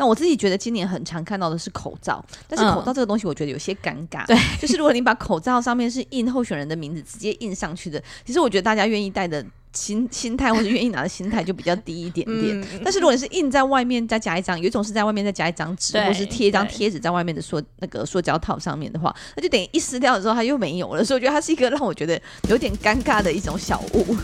那我自己覺得今年很常看到的是口罩，但是口罩這個東西我覺得有些尷尬。嗯、對，就是如果你把口罩上面是印候選人的名字直接印上去的，其實我覺得大家願意戴的心心態或者願意拿的心態就比較低一點點。嗯、但是如果你是印在外面再加一張，有一種是在外面再加一張紙，對或是貼一張貼紙在外面的塑那個塑膠套上面的話，那就等於一撕掉的時候它又沒有了，所以我覺得它是一個讓我覺得有點尷尬的一種小物。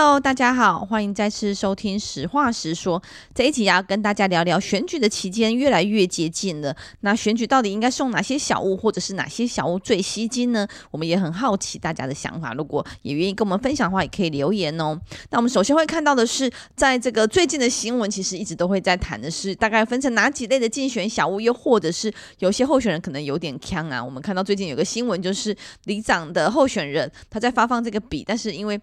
Hello，大家好，歡迎再次收聽《實話實說》。這一集要跟大家聊聊選舉的期間越來越接近了。那選舉到底應該送哪些小物，或者是哪些小物最吸睛呢？我們也很好奇大家的想法。如果也願意跟我們分享的話，也可以留言哦。那我們首先會看到的是，在這個最近的新聞，其實一直都會在談的是，大概分成哪幾類的競選小物，又或者是有些候選人可能有點坑啊。我們看到最近有個新聞，就是里長的候選人他在發放這個筆，但是因為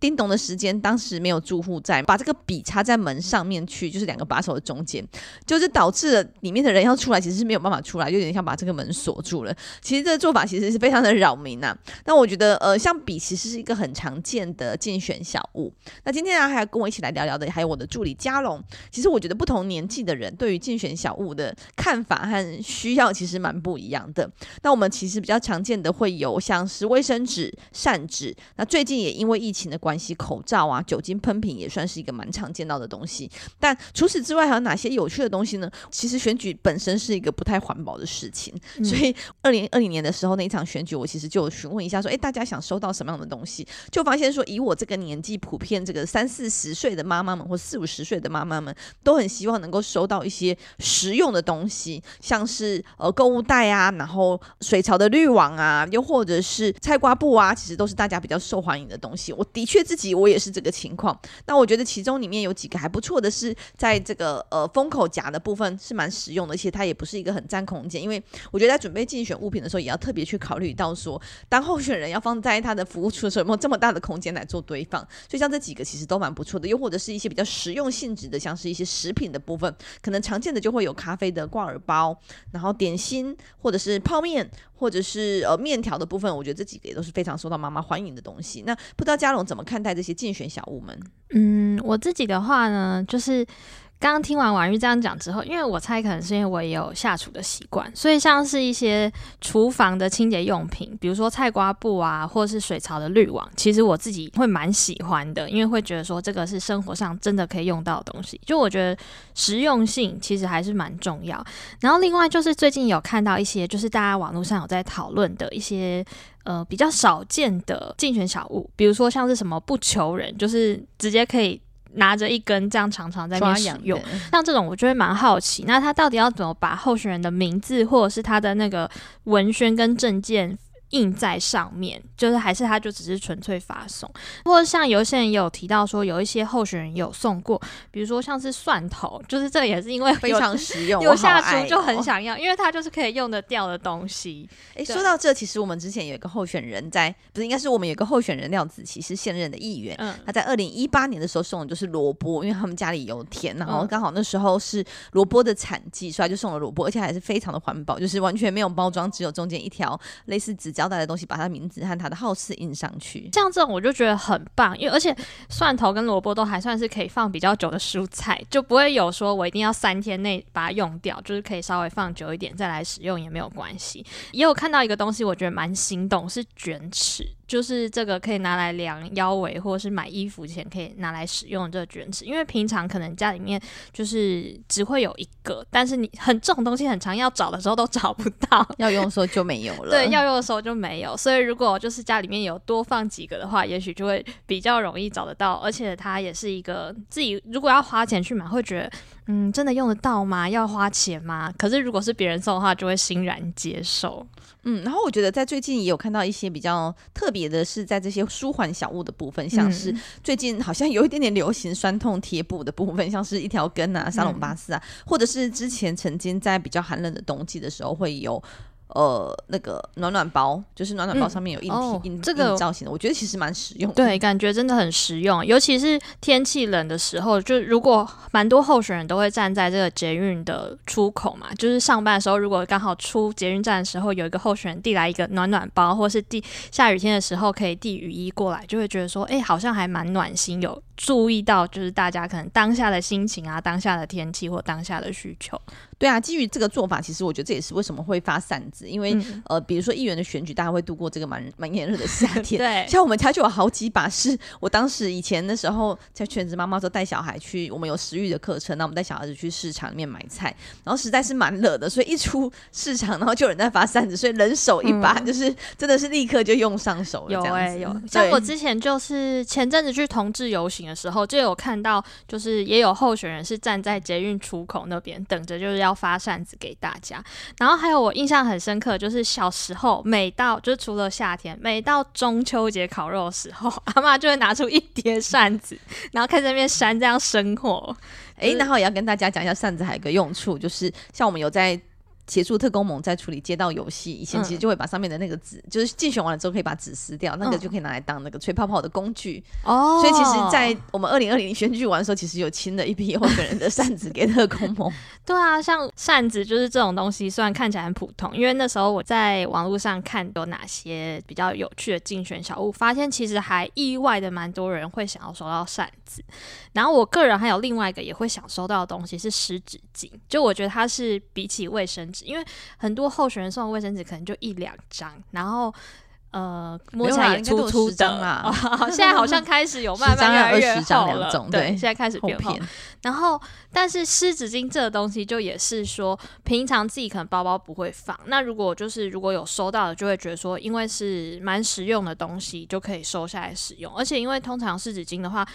叮咚的時間，當時沒有住戶在，把這個筆插在門上面去，就是兩個把手的中間，就是導致了裡面的人要出來，其實是沒有辦法出來，就有點像把這個門鎖住了。其實這個做法其實是非常的擾民呐、啊。那我覺得，呃，像筆其實是一個很常見的競選小物。那今天呢、啊，還要跟我一起來聊聊的，還有我的助理佳蓉。其實我覺得不同年紀的人對於競選小物的看法和需要，其實蠻不一樣的。那我們其實比較常見的會有像是衛生紙、扇子。那最近也因為疫情的。關係，口罩啊，酒精噴瓶也算是一個蠻常見到的東西。但除此之外，還有哪些有趣的東西呢？其實選舉本身是一個不太環保的事情，嗯、所以二零二零年的時候那一場選舉，我其實就詢問一下說，哎，大家想收到什麼樣的東西？就發現說，以我這個年紀，普遍這個三四十歲的媽媽們，或四五十歲的媽媽們，都很希望能夠收到一些實用的東西，像是呃購物袋啊，然後水槽的濾網啊，又或者是菜瓜布啊，其實都是大家比較受歡迎的東西。我的確。對自己，我也是這個情況。那我覺得其中裡面有幾個還不錯的是，在這個呃封口夾的部分是蠻實用的，而且它也不是一個很占空間，因為我覺得在準備競選物品的時候，也要特別去考慮到說，當候選人要放在他的服務處的時候，有沒有這麼大的空間來做堆放。所以像這幾個其實都蠻不錯的，又或者是一些比較實用性質的，像是一些食品的部分，可能常見的就會有咖啡的掛耳包，然後點心或者是泡面或者是呃面條的部分，我覺得這幾個也都是非常受到媽媽歡迎的東西。那不知道佳蓉怎麼？看待這些競選小物們，嗯，我自己的話呢，就是剛剛聽完婉諭這樣講之後，因為我猜可能是因為我也有下廚的習慣，所以像是一些廚房的清潔用品，比如說菜瓜布啊，或是水槽的濾網，其實我自己會蠻喜歡的，因為會覺得說這個是生活上真的可以用到的東西。就我覺得實用性其實還是蠻重要。然後另外就是最近有看到一些，就是大家網絡上有在討論的一些。呃，比較少見的競選小物，比如說像是什麼不求人，就是直接可以拿着一根這樣長長在那邊使用。像這種，我就會蠻好奇，那他到底要怎麼把候選人的名字或者是他的那個文宣跟政見印在上面，就是還是他就只是純粹发送，不過像有些人有提到說，有一些候選人有送過，比如說像是蒜頭，就是這個也是因為非常實用，有下廚就很想要，因為它就是可以用得掉的東西。哎、欸，對說到這，其實我們之前有一個候選人在，在不是應該是我們有個候選人廖子齊是現任的議員，嗯、他在二零一八年的時候送的就是蘿蔔，因為他們家裡有田，然後剛好那時候是蘿蔔的產季，所以他就送了蘿蔔，而且還是非常的環保，就是完全沒有包裝，只有中間一條類似紙膠。大的東西，把它名字和它的號次印上去，像這種我就覺得很棒，因為而且蒜頭跟蘿蔔都還算是可以放比較久的蔬菜，就不會有說我一定要三天內把它用掉，就是可以稍微放久一點再來使用也沒有關係。也有看到一個東西，我覺得蠻心動，是捲尺。就是這個可以拿來量腰圍，或者是買衣服前可以拿來使用的這個捲尺，因為平常可能家裡面就是只會有一個，但是你很這種東西很常,要找的時候都找不到，要用的時候就沒有了。 對，要用的時候就沒有，所以如果就是家裡面有多放幾個的話，也許就會比較容易找得到。而且它也是一個自己如果要花錢去買，會覺得嗯，真的用得到嗎？要花錢嗎？可是如果是別人送的話，就會欣然接受。嗯，然後我覺得在最近也有看到一些比較特別的，是在這些舒緩小物的部分，像是最近好像有一點點流行酸痛貼布的部分，像是一條根啊、沙龍巴斯啊，或者是之前曾經在比較寒冷的冬季的時候會有。呃，那個暖暖包，就是暖暖包上面有印，嗯、印這個、哦、造型的，我覺得其實蠻實用的。對，感覺真的很實用，尤其是天氣冷的時候，就如果蠻多候選人都會站在這個捷運的出口嘛，就是上班的時候，如果剛好出捷運站的時候，有一個候選人遞來一個暖暖包，或是遞下雨天的時候可以遞雨衣過來，就會覺得說，哎，好像還蠻暖心，有注意到就是大家可能當下的心情啊、當下的天氣或當下的需求。對啊，基於這個做法，其實我覺得這也是為什麼會發扇子，因為、嗯、呃，比如說議員的選舉，大家會度過這個蠻蠻炎熱的夏天。對，像我們家就有好幾把，是我當時以前的時候在全職媽媽時候帶小孩去，我們有食育的課程，那我們帶小孩子去市場裡面買菜，然後實在是蠻熱的，所以一出市場，然後就有人在發扇子，所以人手一把，嗯、就是真的是立刻就用上手了。有哎、欸，有。對像我之前就是前陣子去同志遊行的時候，就有看到，就是也有候選人是站在捷運出口那邊等着，就是要。要發扇子給大家，然後還有我印象很深刻，就是小時候每到就是除了夏天，每到中秋節烤肉的時候，阿媽就會拿出一疊扇子，然後看這邊扇這樣生火。誒、就是欸，然後也要跟大家講一下，扇子還有一個用處，就是像我們有在。協助特工盟在處理街道遊戲，以前其實就會把上面的那個紙，嗯、就是競選完了之後可以把紙撕掉，嗯、那個就可以拿來當那個吹泡泡的工具。哦，所以其實，在我們二零二零選舉完的時候，其實有親了一批候選人的扇子給特工盟。 對啊，像扇子就是這種東西，雖然看起來很普通，因為那時候我在網絡上看有哪些比較有趣的競選小物，發現其實還意外的蠻多人會想要收到扇子。然後我個人還有另外一個也會想收到的東西是濕紙巾，就我覺得它是比起衛生。因為很多候選人送的衛生紙可能就一兩張，然後呃摸起來、啊啊、粗粗的啊，現在好像開始有慢慢越厚了十張、二十張兩種，對，現在開始變厚。然後，但是濕紙巾這個東西就也是說，平常自己可能包包不會放，那如果就是如果有收到的，就會覺得說，因為是蠻實用的東西，就可以收下來使用。而且因為通常濕紙巾的話。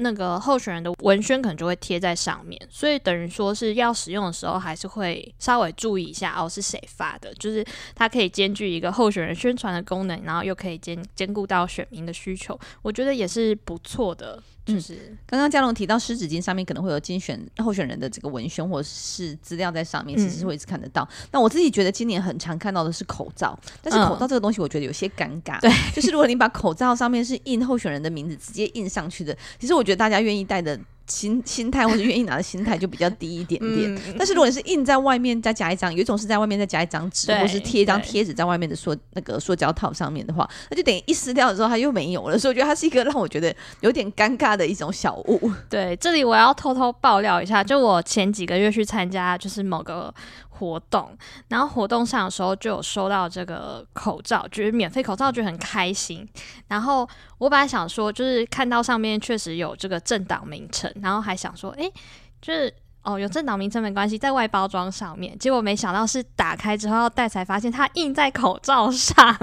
那個候選人的文宣可能就會貼在上面，所以等於說是要使用的時候還是會稍微注意一下，哦，是誰發的，就是它可以兼具一個候選人宣傳的功能，然後又可以兼兼顧到選民的需求，我覺得也是不錯的。是剛剛佳蓉提到濕紙巾上面可能會有競選候選人的這個文宣，或是資料在上面，其實是會一直看得到。嗯、那我自己覺得今年很常看到的是口罩，但是口罩這個東西我覺得有些尷尬。對、嗯，就是如果你把口罩上面是印候選人的名字直接印上去的，其實我覺得大家願意戴的。心心態或者願意拿的心態就比較低一點點， 嗯、但是如果你是印在外面再加一張，有一種是在外面再加一張紙，對或是貼一張貼紙在外面的塑那個塑膠套上面的話，那就等於一撕掉的時候它又沒有了，所以我覺得它是一個讓我覺得有點尷尬的一種小物。對，這裡我要偷偷爆料一下，就我前幾個月去參加就是某個。活動，然後活動上的時候就有收到這個口罩，就是免費口罩，就很開心。然後我本來想說，就是看到上面確實有這個政黨名稱，然後還想說，哎、欸，就是哦，有政黨名稱沒關係，在外包裝上面。結果沒想到是打開之後要戴，才發現它印在口罩上。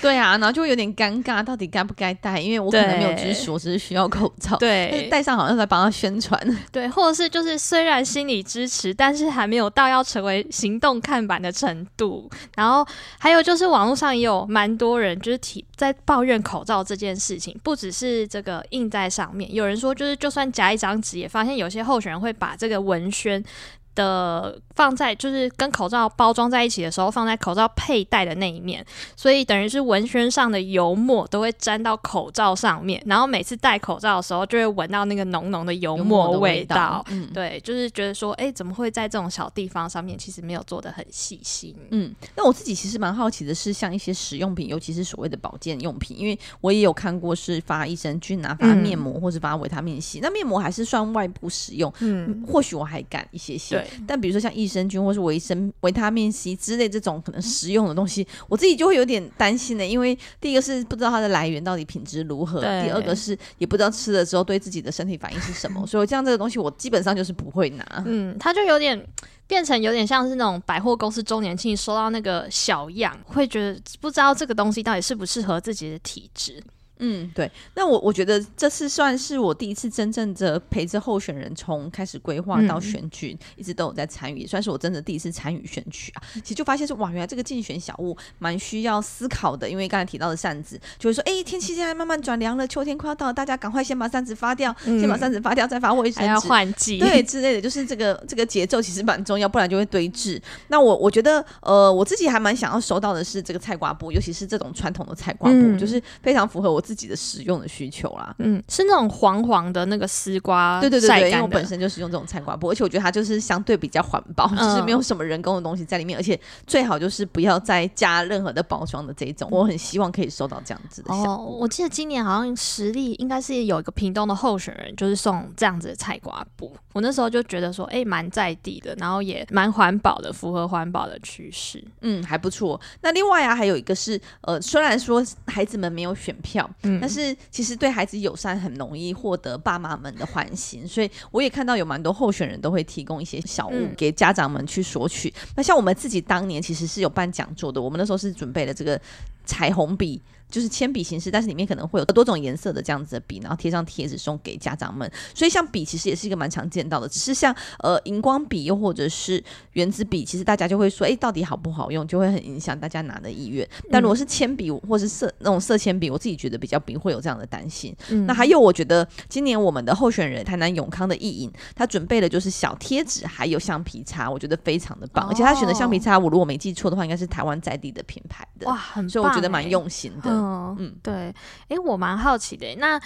對啊，然後就有點尷尬，到底該不該戴？因為我可能沒有支持，對我只是需要口罩。對，戴上好像在幫他宣傳。對，或者是就是雖然心理支持，但是還沒有到要成為行動看板的程度。然後還有就是網絡上也有蠻多人就是提在抱怨口罩這件事情，不只是這個印在上面，有人說就是就算夾一張紙，也發現有些候選人會把這個文宣。的放在就是跟口罩包裝在一起的時候，放在口罩佩戴的那一面，所以等於是文宣上的油墨都會沾到口罩上面，然後每次戴口罩的時候就會聞到那個濃濃的油墨的味道。味道嗯、對，就是覺得說，哎、欸，怎麼會在這種小地方上面，其實沒有做得很細心。嗯，那我自己其實蠻好奇的是，像一些使用品，尤其是所謂的保健用品，因為我也有看過是發益生菌，拿發面膜或是發維他命 C，、嗯、那面膜還是算外部使用，嗯，或許我還敢一些些。但比如說像益生菌或是維生維他命 C 之類這種可能食用的東西，我自己就會有點擔心的、欸，因為第一個是不知道它的來源到底品質如何，對第二個是也不知道吃了之後對自己的身體反應是什麼， 所以像這，這個東西我基本上就是不會拿。嗯，它就有點變成有點像是那種百貨公司周年慶收到那個小樣，會覺得不知道這個東西到底適不適合自己的體質。嗯，對。那我我覺得這次算是我第一次真正的陪着候選人從開始規劃到選舉，嗯、一直都有在參與，也算是我真的第一次參與選舉啊。其實就發現說，哇，原來這個競選小物蠻需要思考的，因為剛才提到的扇子，就是說，哎，天氣現在慢慢轉涼了，秋天快要到了，大家趕快先把扇子發掉，嗯、先把扇子發掉，再發衛生紙，還要換季，對，之類的就是這個這個節奏其實蠻重要，不然就會堆置。那我我覺得，呃，我自己還蠻想要收到的是這個菜瓜布，尤其是這種傳統的菜瓜布，嗯、就是非常符合我。自己的使用的需求啦，嗯，是那種黃黃的那個絲瓜，對對對對，因為我本身就使用這種菜瓜布，而且我覺得它就是相對比較環保，就、嗯、是沒有什麼人工的東西在裡面，而且最好就是不要再加任何的包裝的這一種。嗯、我很希望可以收到這樣子的效果。哦，我記得今年好像實力應該是有一個屏東的候選人，就是送這樣子的菜瓜布，我那時候就覺得說，哎，蠻在地的，然後也蠻環保的，符合環保的趨勢，嗯，還不錯。那另外啊，還有一個是，呃，雖然說孩子們沒有選票。嗯，但是其實對孩子友善很容易獲得爸媽們的歡心，所以我也看到有蠻多候選人都會提供一些小物給家長們去索取。嗯、那像我們自己當年其實是有辦講座的，我們那時候是準備了這個。彩虹筆就是鉛筆形式，但是裡面可能會有多種顏色的這樣子的筆，然後貼上貼紙送給家長們。所以像筆其實也是一個蠻常見到的，只是像呃熒光筆又或者是原子筆，其實大家就會說，哎、欸，到底好不好用，就會很影響大家拿的意願。但如果是鉛筆或是色那種色鉛筆，我自己覺得比較不會有這樣的擔心。嗯、那還有，我覺得今年我們的候選人台南永康的藝穎，他準備了就是小貼紙還有橡皮擦，我覺得非常的棒。哦、而且他選的橡皮擦，我如果沒記錯的話，應該是台灣在地的品牌的哇，很棒。覺得蠻用心的，嗯，嗯對，誒、欸，我蠻好奇的、欸，那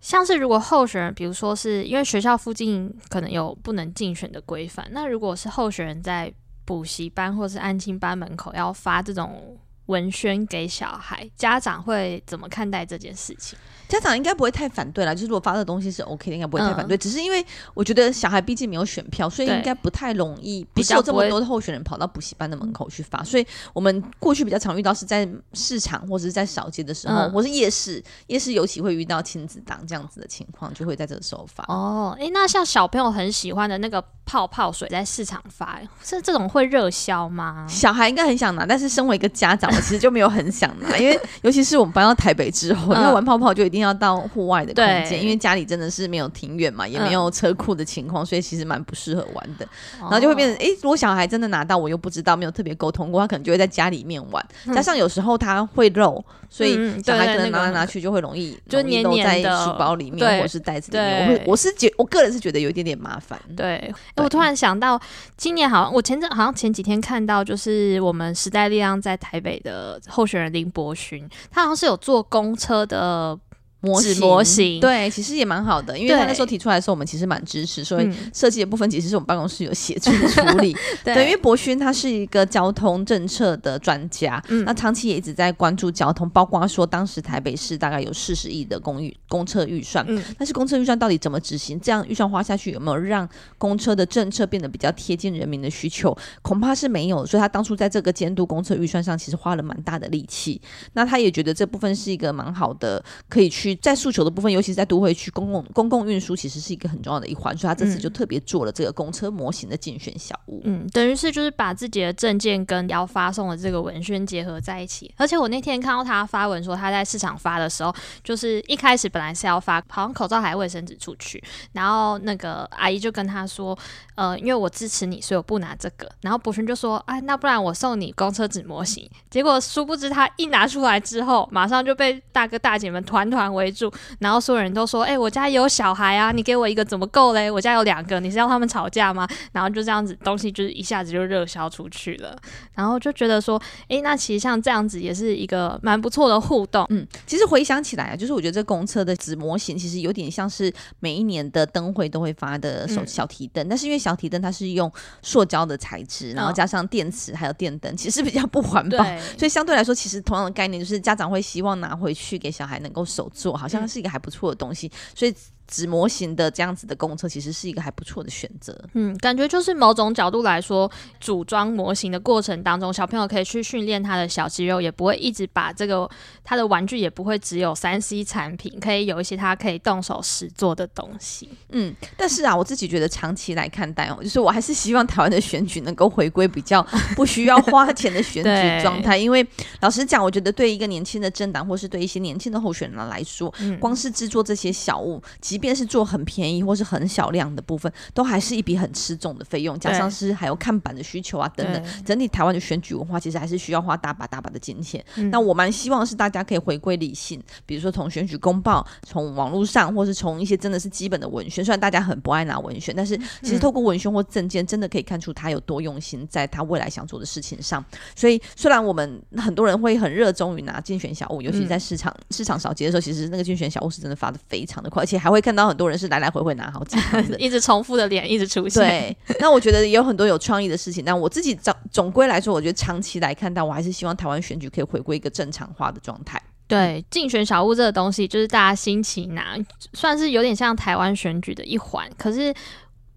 像是如果候選人，比如說是因為學校附近可能有不能競選的規範，那如果是候選人在補習班或是安親班門口要發這種文宣給小孩，家長會怎麼看待這件事情？家長應該不會太反對啦，就是如果發的東西是 OK 的，應該不會太反對。嗯、只是因為我覺得小孩畢竟沒有選票，所以應該不太容易，不是有這麼多的候選人跑到補習班的門口去發。嗯、所以我們過去比較常遇到是在市場或者是在掃街的時候，嗯、或是夜市，夜市尤其會遇到親子檔這樣子的情況，就會在這個時候發。哦，哎，那像小朋友很喜歡的那個泡泡水，在市場發是這種會熱銷嗎？小孩應該很想拿，但是身為一個家長。 其實就沒有很想拿，因為尤其是我們搬到台北之後，因為玩泡泡就一定要到戶外的空間，因為家裡真的是沒有庭院嘛，也沒有車庫的情況，所以其實蠻不適合玩的。然後就會變成，哎，如果小孩真的拿到，我又不知道，沒有特別溝通過，他可能就會在家裡面玩。加上有時候他會漏，所以小孩真的拿來拿去就會容易就黏黏在書包裡面，或者是袋子裡面。我會，我是覺，我個人是覺得有一點點麻煩。對，哎，我突然想到，今年好像我前陣好像前幾天看到，就是我們時代力量在台北。的候選人林柏勳，他好像是有坐公車的。模模型，模型對，其實也蠻好的，因為他那時候提出來說，我們其實蠻支持，對所以設計的部分其實是我們辦公室有協助處理。嗯、 對，對，因為博勳他是一個交通政策的專家，嗯、那長期也一直在關注交通，包括說當時台北市大概有四十億的公寓公車預算，嗯、但是公車預算到底怎麼執行？這樣預算花下去有沒有讓公車的政策變得比較貼近人民的需求？恐怕是沒有。所以他當初在這個監督公車預算上，其實花了蠻大的力氣。那他也覺得這部分是一個蠻好的，可以去。在訴求的部分，尤其是在都會區公共公共運輸其實是一個很重要的一環，所以他這次就特別做了這個公車模型的競選小物。嗯，等於是就是把自己的證件跟要發送的這個文宣結合在一起。而且我那天看到他發文說他在市場發的時候，就是一開始本來是要發，好像口罩還有衛生紙出去，然後那個阿姨就跟他說：“呃，因為我支持你，所以我不拿這個。”然後博軒就說：“哎，那不然我送你公車紙模型。”結果殊不知他一拿出來之後，馬上就被大哥大姐們團團圍圍住，然後所有人都說：“哎、欸，我家有小孩啊，你給我一個怎麼夠嘞？我家有兩個，你是要他們吵架嗎？”然後就這樣子，東西就是一下子就熱銷出去了。然後就覺得說：“哎、欸，那其實像這樣子也是一個蠻不錯的互動。”嗯，其實回想起來啊，就是我覺得這公車的紙模型其實有點像是每一年的燈會都會發的手、嗯、小提燈，但是因為小提燈它是用塑膠的材質，然後加上電池還有電燈，其實是比較不環保，對所以相對來說，其實同樣的概念就是家長會希望拿回去給小孩能夠手做。我好像是一個還不錯的東西，所以。紙模型的這樣子的公車其實是一個還不錯的選擇。嗯，感覺就是某種角度來說，組裝模型的過程當中，小朋友可以去訓練他的小肌肉，也不會一直把這個他的玩具也不會只有三 C 產品，可以有一些他可以動手實做的東西。嗯，但是啊，我自己覺得長期來看待哦，就是我還是希望台灣的選舉能夠回歸比較不需要花錢的選舉狀態， 對因為老實講，我覺得對一個年輕的政黨或是對一些年輕的候選人來說，嗯、光是制作這些小物。即便是做很便宜或是很小量的部分，都還是一筆很吃重的費用。加上是還有看板的需求啊，等等。整體台灣的選舉文化其實還是需要花大把大把的金錢。嗯、那我蠻希望是大家可以回歸理性，比如說從選舉公報、從網絡上，或是從一些真的是基本的文宣。雖然大家很不愛拿文宣，但是其實透過文宣或政見，真的可以看出他有多用心在他未來想做的事情上。所以，雖然我們很多人會很熱衷於拿競選小物，尤其是在市場、嗯、市場掃街的時候，其實那個競選小物是真的發得非常的快，而且還會。看到很多人是來來回回拿好幾次， 一直重複的臉一直出現。對，那我覺得也有很多有創意的事情。但我自己總歸來說，我覺得長期來看到，但我還是希望台灣選舉可以回歸一個正常化的狀態。對，競選小物這個東西，就是大家心情拿、啊，算是有點像台灣選舉的一環。可是。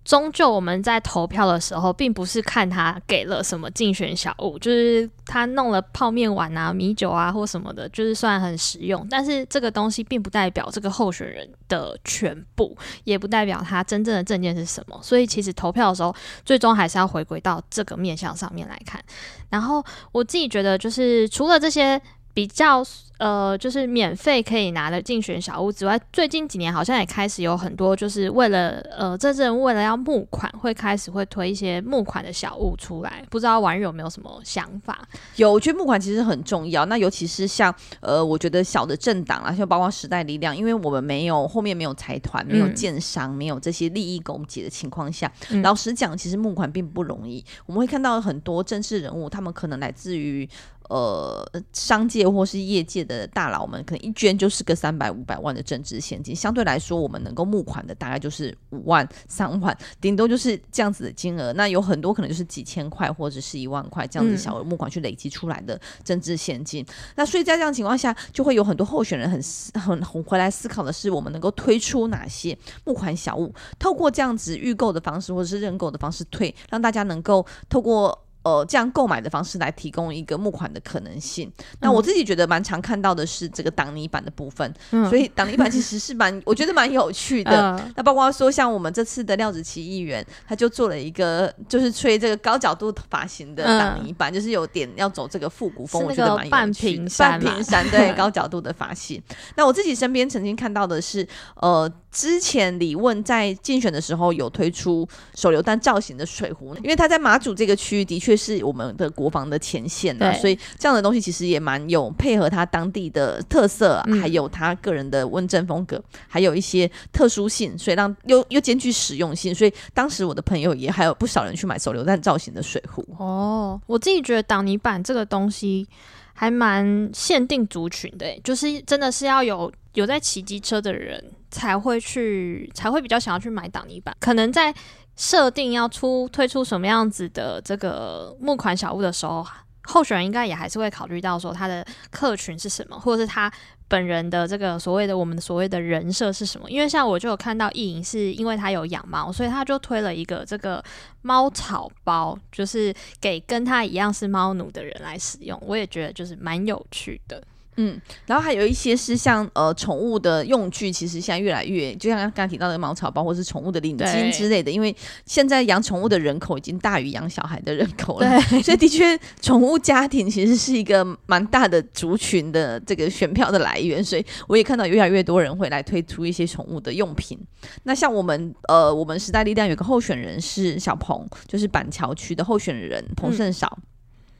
終究我們在投票的時候，並不是看他給了什麼競選小物，就是他弄了泡麵碗啊、米酒啊或什麼的，就是算很實用。但是這個東西並不代表這個候選人的全部，也不代表他真正的政見是什麼。所以其實投票的時候，最終還是要回歸到這個面向上面來看。然後我自己覺得，就是除了這些。比較呃，就是免費可以拿的競選小物之外，最近幾年好像也開始有很多，就是為了呃，真正為了要募款，會開始會推一些募款的小物出來。不知道婉諭有沒有什麼想法？有，我覺得募款其實很重要。那尤其是像呃，我覺得小的政黨啊，像包括時代力量，因為我們沒有後面沒有財團，沒有建商，嗯、沒有這些利益勾結的情況下，嗯、老實講，其實募款並不容易。我們會看到很多政治人物，他們可能來自於。呃，商界或是業界的大佬們，可能一捐就是個三百五百萬的政治獻金。相對來說，我們能夠募款的大概就是五萬、三萬，頂多就是這樣子的金額。那有很多可能就是幾千塊或者是一萬塊這樣子小額募款去累積出來的政治獻金。嗯、那所以在這樣情況下，就會有很多候選人很很，很回來思考的是，我們能夠推出哪些募款小物，透過這樣子預購的方式或者是認購的方式推，退讓大家能夠透過。呃，這樣購買的方式來提供一個募款的可能性。嗯、那我自己覺得蠻常看到的是這個擋泥板的部分，嗯、所以擋泥板其實是蠻 我覺得蠻有趣的。嗯、那包括說像我們這次的廖子齊議員，他就做了一個就是吹這個高角度髮型的擋泥板，嗯、就是有點要走這個復古風，我覺得蠻有趣。那個半屏山半屏山，對 高角度的髮型。那我自己身邊曾經看到的是呃。之前李問在競選的時候有推出手榴彈造型的水壺，因為他在馬祖這個區域的確是我們的國防的前線啊，對所以這樣的東西其實也蠻有配合他當地的特色、啊，還有他個人的問政風格，嗯、還有一些特殊性，所以讓又又兼具實用性。所以當時我的朋友也還有不少人去買手榴彈造型的水壺。哦，我自己覺得擋泥板這個東西還蠻限定族群的、欸，就是真的是要有有在騎機車的人。才會去，才會比較想要去買擋泥板。可能在設定要出推出什麼樣子的這個募款小物的時候，候選人應該也還是會考慮到說他的客群是什麼，或者是他本人的這個所謂的我們所謂的人設是什麼。因為像我就有看到意淫是因為他有養貓，所以他就推了一個這個貓草包，就是給跟他一樣是貓奴的人來使用。我也覺得就是蠻有趣的。嗯，然後還有一些是像呃寵物的用具，其實現在越來越，就像剛剛提到的毛草包或是寵物的領巾之類的，對因為現在養寵物的人口已經大於養小孩的人口了，對所以的確， 寵物家庭其實是一個蠻大的族群的這個選票的來源，所以我也看到越來越多人會來推出一些寵物的用品。那像我們呃，我們時代力量有個候選人是小彭，就是板橋區的候選人彭盛韶。嗯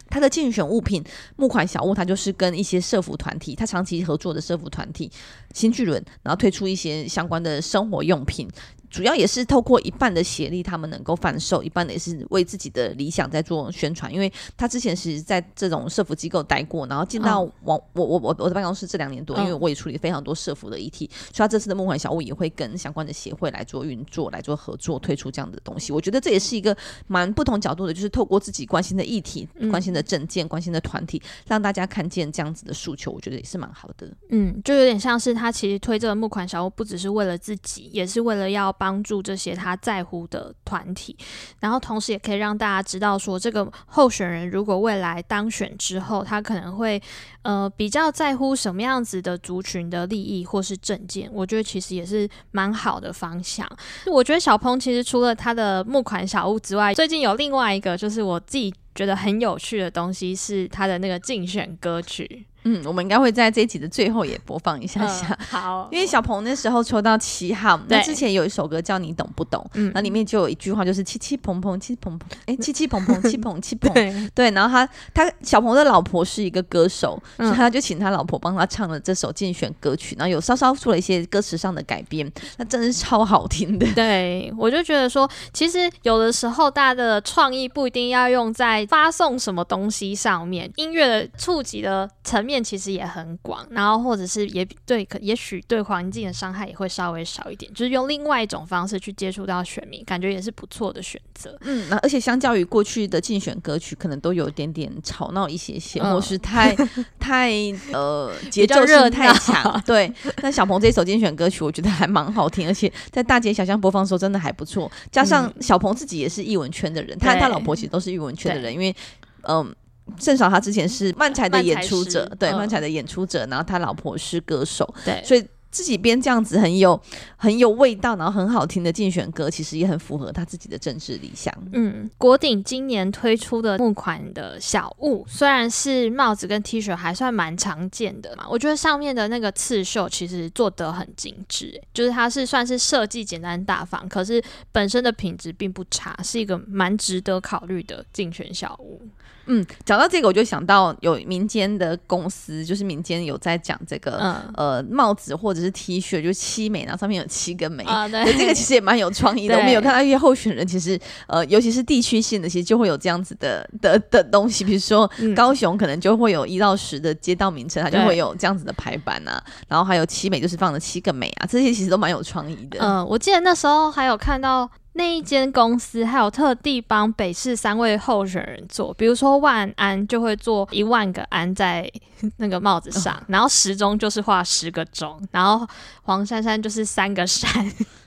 他的競選物品、募款小物，他就是跟一些社服團體，他長期合作的社服團體，新巨輪，然後推出一些相關的生活用品。主要也是透過一半的協力，他們能夠販售；一半的也是為自己的理想在做宣傳。因為他之前其實在這種社福機構待過，然後進到我、哦、我我我我的辦公室這兩年多，因為我也處理非常多社福的議題，哦、所以他這次的募款小物也會跟相關的協會來做運作、來做合作，推出這樣的東西。我覺得這也是一個蠻不同角度的，就是透過自己關心的議題、關心的政見、嗯、關心的團體，讓大家看見這樣子的訴求，我覺得也是蠻好的。嗯，就有點像是他其實推這個募款小物，不只是為了自己，也是為了要。幫助這些他在乎的團體，然後同時也可以讓大家知道說，這個候選人如果未來當選之後，他可能會呃比較在乎什麼樣子的族群的利益或是政見。我覺得其實也是蠻好的方向。我覺得小彭其實除了他的募款小物之外，最近有另外一個就是我自己覺得很有趣的東西是他的那個競選歌曲。嗯，我們應該會在這一集的最後也播放一下下。嗯、好，因為小彭那時候抽到七號，對那之前有一首歌叫《你懂不懂》，嗯，那裡面就有一句話就是“七七彭彭，七彭彭，哎，七七彭彭，七彭七彭，對”，然後他他小彭的老婆是一個歌手，嗯、所以他就請他老婆幫他唱了這首競選歌曲，然後有稍稍做了一些歌詞上的改編，那真的是超好聽的。對，我就覺得說，其實有的時候，大家的創意不一定要用在發送什麼東西上面，音樂的觸及的層面。其實也很廣，然後或者是也對，可，也許對環境的傷害也會稍微少一點，就是用另外一種方式去接觸到選民，感覺也是不錯的選擇。嗯、啊，而且相較於過去的競選歌曲，可能都有一點點吵鬧一些些，我、嗯、是太 太呃節奏太熱太強。 對，那小彭這首競選歌曲，我覺得還蠻好聽，而且在大街小巷播放的時候，真的還不錯。加上小彭自己也是藝文圈的人，嗯、他對他老婆其實都是藝文圈的人，對因為嗯。盛韶他之前是漫才的演出者，對，漫才、嗯、的演出者，然後他老婆是歌手，對，所以。自己編這樣子很有很有味道，然後很好聽的競選歌，其實也很符合他自己的政治理想。嗯，國鼎今年推出的募款的小物，雖然是帽子跟 T 恤，還算蠻常見的嘛，我覺得上面的那個刺繡其實做得很精緻，欸，就是它是算是設計簡單大方，可是本身的品質並不差，是一個蠻值得考慮的競選小物。嗯，講到這個，我就想到有民間的公司，就是民間有在講這個，嗯、呃，帽子或者。只是 T 恤，就是、七美、啊，然後上面有七個美，啊、對這個其實也蠻有創意的。對我們有看到一些候選人，其實呃，尤其是地區性的，其實就會有這樣子的的的東西，比如說、嗯、高雄可能就會有一到十的街道名稱，它就會有這樣子的排版啊，對然後還有七美就是放了七個美啊，這些其實都蠻有創意的。嗯、呃，我記得那時候還有看到。那一間公司還有特地幫北市三位候選人做，比如說萬安就會做一萬個安在那個帽子上，然後時中就是畫十個中，然後黃珊珊就是三個山，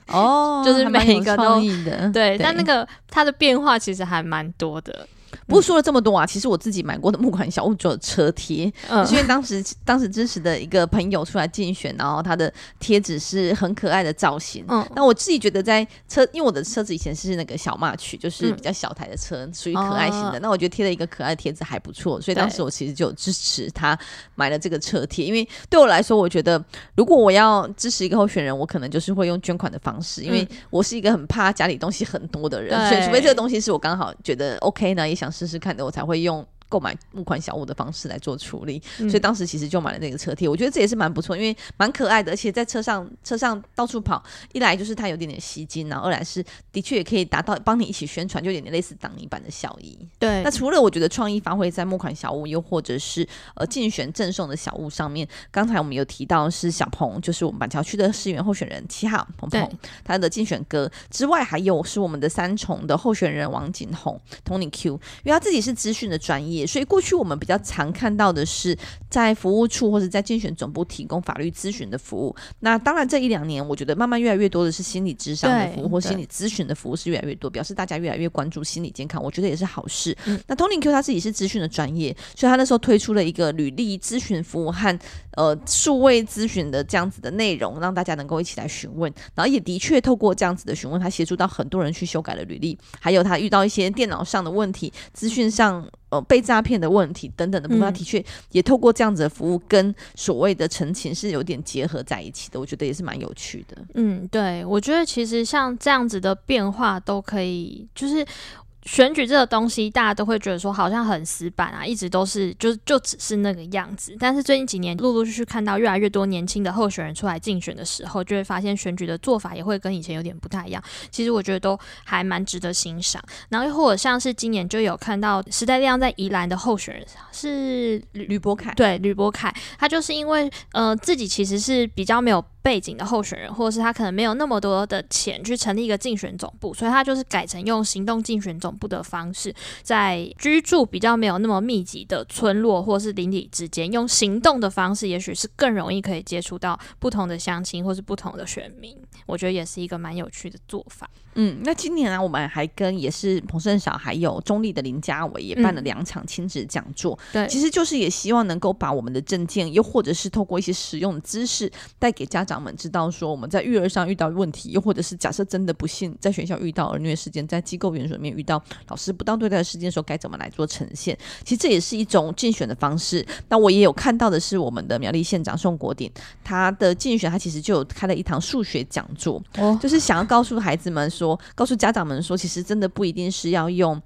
哦， 就是每一個都對，對，但那個它的變化其實還蠻多的。嗯、不過說了這麼多啊，其實我自己買過的募款小物做的車貼，是因為當時當時支持的一個朋友出來競選，然後他的貼紙是很可愛的造型。嗯、那我自己覺得在車，因為我的車子以前是那個小馬曲，就是比較小台的車，嗯、屬於可愛型的。哦、那我覺得貼了一個可愛貼紙還不錯，所以當時我其實就支持他買了這個車貼。對因為對我來說，我覺得如果我要支持一個候選人，我可能就是會用捐款的方式，嗯、因為我是一個很怕家裡東西很多的人，對所以除非這個東西是我剛好覺得 OK 呢，想試試看的，我才會用購買募款小物的方式來做處理，所以當時其實就買了那個車貼，我覺得這也是蠻不錯，因為蠻可愛的，而且在車上車上到處跑，一來就是它有點點吸睛，然後二來是的確也可以達到幫你一起宣傳，就有點類似擋泥板的效益。對。那除了我覺得創意發揮在募款小物，又或者是呃競選贈送的小物上面，剛才我們有提到是小彭，就是我們板橋區的市議員候選人七號彭彭對他的競選歌之外，還有是我們的三重的候選人王景宏 Tony Q，因為他自己是資訊的專業。所以過去我們比較常看到的是，在服務處或者在競選總部提供法律諮詢的服務。那當然，這一兩年我覺得慢慢越來越多的是心理諮商的服務或心理諮詢的服務是越來越多，表示大家越來越關注心理健康。我覺得也是好事。嗯、那 TonyQ 他自己是資訊的專業，所以他那時候推出了一個履歷諮詢服務和呃數位諮詢的這樣子的內容，讓大家能夠一起來詢問。然後也的確透過這樣子的詢問，他協助到很多人去修改了履歷，還有他遇到一些電腦上的問題、資訊上。呃，被詐騙的問題等等的部分，嗯、的確也透過這樣子的服務，跟所謂的陳情是有點結合在一起的。我覺得也是蠻有趣的。嗯，對，我覺得其實像這樣子的變化，都可以就是。選舉這個東西，大家都會覺得說好像很死板啊，一直都是就就只是那個樣子。但是最近幾年陸陸續續看到越來越多年輕的候選人出來競選的時候，就會發現選舉的做法也會跟以前有點不太一樣。其實我覺得都還蠻值得欣賞。然後又或者像是今年就有看到時代力量在宜蘭的候選人是呂呂博凱，對，呂博凱，他就是因為呃自己其實是比較沒有。背景的候選人，或者是他可能沒有那麼多的錢去成立一個競選總部，所以他就是改成用行動競選總部的方式，在居住比較沒有那麼密集的村落或是鄰里之間，用行動的方式，也許是更容易可以接觸到不同的鄉親或是不同的選民。我覺得也是一個蠻有趣的做法。嗯，那今年啊，我們還跟也是彭盛韶還有中立的林佳偉也辦了兩場親子講座，嗯。對，其實就是也希望能夠把我們的政見，又或者是透過一些實用的知識，帶給家長們知道說，說我們在育兒上遇到問題，又或者是假設真的不幸在學校遇到兒虐事件，在機構園所裡面遇到老師不當對待的事件的時候，該怎麼來做呈現。其實這也是一種競選的方式。那我也有看到的是，我們的苗栗縣長宋國鼎，他的競選他其實就有開了一堂數學講座，哦、就是想要告訴孩子們。說告訴家長們說，其實真的不一定是要用，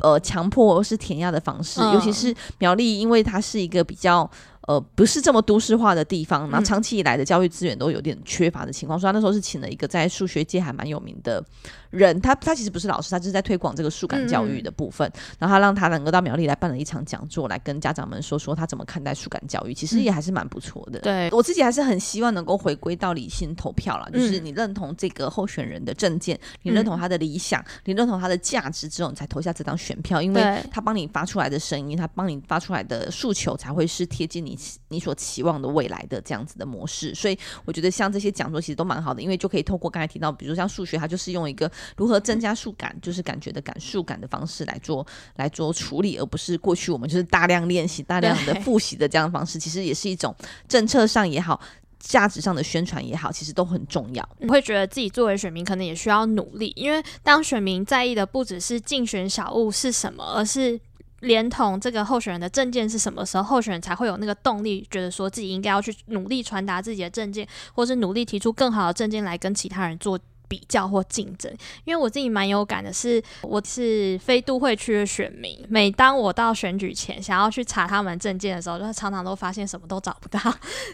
呃，強迫或是填鴨的方式，嗯、尤其是苗栗，因為它是一個比較。呃，不是這麼都市化的地方，然後長期以來的教育資源都有點缺乏的情況，所以、嗯、那時候是請了一個在數學界還蠻有名的人，他他其實不是老師，他就是在推廣這個數感教育的部分。嗯、然後他讓他能夠到苗栗來辦了一場講座，來跟家長們說說他怎麼看待數感教育，其實也還是蠻不錯的。嗯、對我自己還是很希望能夠回歸到理性投票了，就是你認同這個候選人的政見，嗯、你認同他的理想，你認同他的價值之後，你才投下這張選票，因為他幫你發出來的聲音，他幫你發出來的訴求才會是貼近你。你所期望的未來的這樣子的模式，所以我覺得像這些講座其實都蠻好的，因為就可以透過剛才提到，比如像數學，它就是用一個如何增加數感，嗯、就是感覺的感數感的方式來做來做處理，而不是過去我們就是大量練習、大量的複習的這樣的方式。對其實也是一種政策上也好、價值上的宣傳也好，其實都很重要。我、嗯、會覺得自己作為選民，可能也需要努力，因為當選民在意的不只是競選小物是什麼，而是。連同這個候選人的政見是什麼時候，候選人才會有那個動力，覺得說自己應該要去努力傳達自己的政見，或是努力提出更好的政見來跟其他人做比較或競爭。因為我自己蠻有感的是，是我是非都會區的選民，每當我到選舉前想要去查他們政見的時候，就常常都發現什麼都找不到，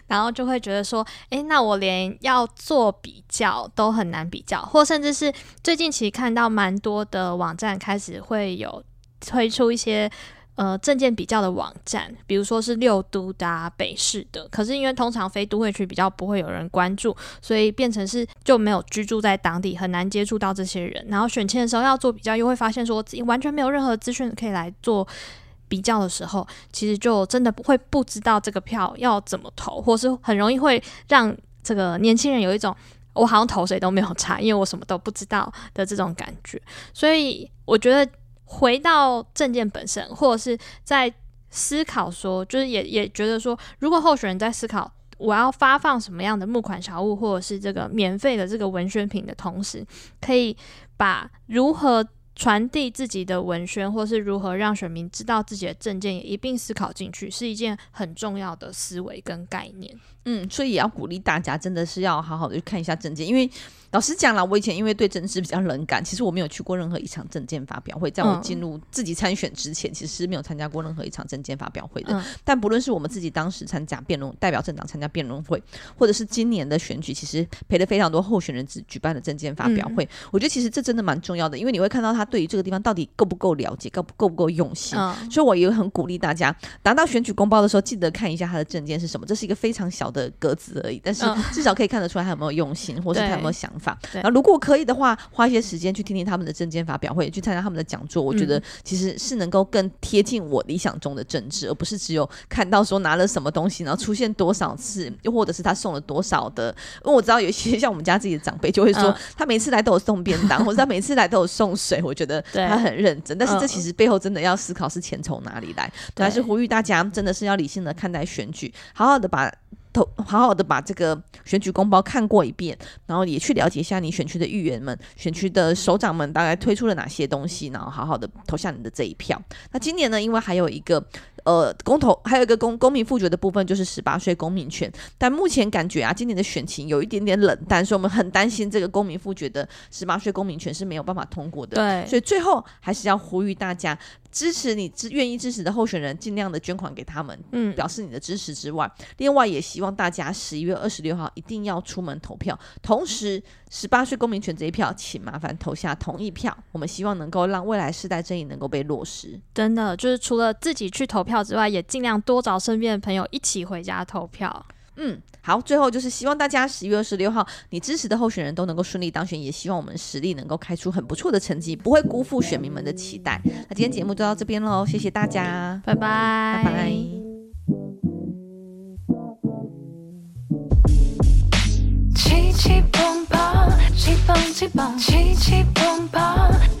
然後就會覺得說，哎、欸，那我連要做比較都很難比較，或甚至是最近其實看到蠻多的網站開始會有。推出一些呃、政見比較的網站，比如說是六都的、啊、北市的，可是因為通常非都會區比較不會有人關注，所以變成是就沒有居住在當地，很難接觸到這些人。然後選前的時候要做比較，又會發現說自己完全沒有任何資訊可以來做比較的時候，其實就真的不會不知道這個票要怎麼投，或是很容易會讓這個年輕人有一種我好像投誰都沒有差，因為我什麼都不知道的這種感覺。所以我覺得。回到政見本身，或者是在思考說，就是也也覺得說，如果候選人在思考我要發放什麼樣的募款小物，或者是這個免費的這個文宣品的同時，可以把如何傳遞自己的文宣，或是如何讓選民知道自己的政見，也一併思考進去，是一件很重要的思維跟概念。嗯，所以也要鼓勵大家，真的是要好好的去看一下政見，因為老實講啦，我以前因為對政治比較冷感，其實我沒有去過任何一場政見發表會，在我進入自己參選之前，嗯、其實是沒有參加過任何一場政見發表會的。嗯、但不論是我們自己當時參加辯論，代表政黨參加辯論會，或者是今年的選舉，其實陪了非常多候選人只舉辦的政見發表會。嗯、我覺得其實這真的蠻重要的，因為你會看到他對於這個地方到底夠不夠了解，夠不夠不夠用心。嗯、所以我也很鼓勵大家，拿到選舉公報的時候，記得看一下他的政見是什麼。這是一個非常小的格子而已，但是至少可以看得出來，他有沒有用心，嗯、或是他有沒有想法。然後如果可以的話，花一些時間去聽聽他們的政見發表會，去參加他們的講座，我覺得其實是能夠更貼近我理想中的政治，嗯、而不是只有看到說拿了什麼東西，然後出現多少次，又、嗯、或者是他送了多少的。因為我知道有些像我們家自己的長輩就會說，嗯、他每次來都有送便當， 或者他每次來都有送水。我覺得他很認真，但是這其實背後真的要思考是錢從哪裡來，對還是呼籲大家真的是要理性的看待選舉，好好的把。投好好的把這個選舉公報看過一遍，然後也去了解一下你選區的議員們、選區的首長們大概推出了哪些東西，然後好好的投下你的這一票。那今年呢，因為還有一個。呃，公投還有一個公公民複決的部分，就是十八歲公民權。但目前感覺啊，今年的選情有一點點冷淡，所以我們很擔心這個公民複決的十八歲公民權是沒有辦法通過的。對，所以最後還是要呼籲大家支持你支願意支持的候選人，盡量的捐款給他們，嗯，表示你的支持之外，另外也希望大家十一月二十六號一定要出門投票，同時十八歲公民權這一票，請麻煩投下同意票。我們希望能夠讓未來世代正義能夠被落實。真的，就是除了自己去投票票之外，也儘量多找身邊的朋友一起回家投票。嗯，好，最後就是希望大家十一月二十六號你支持的候選人都能夠順利當選，也希望我們實力能夠開出很不錯的成績，不會辜負選民們的期待。那今天節目就到這邊嘍，謝謝大家，拜拜拜拜。七七彭彭，七彭七彭，七七彭彭。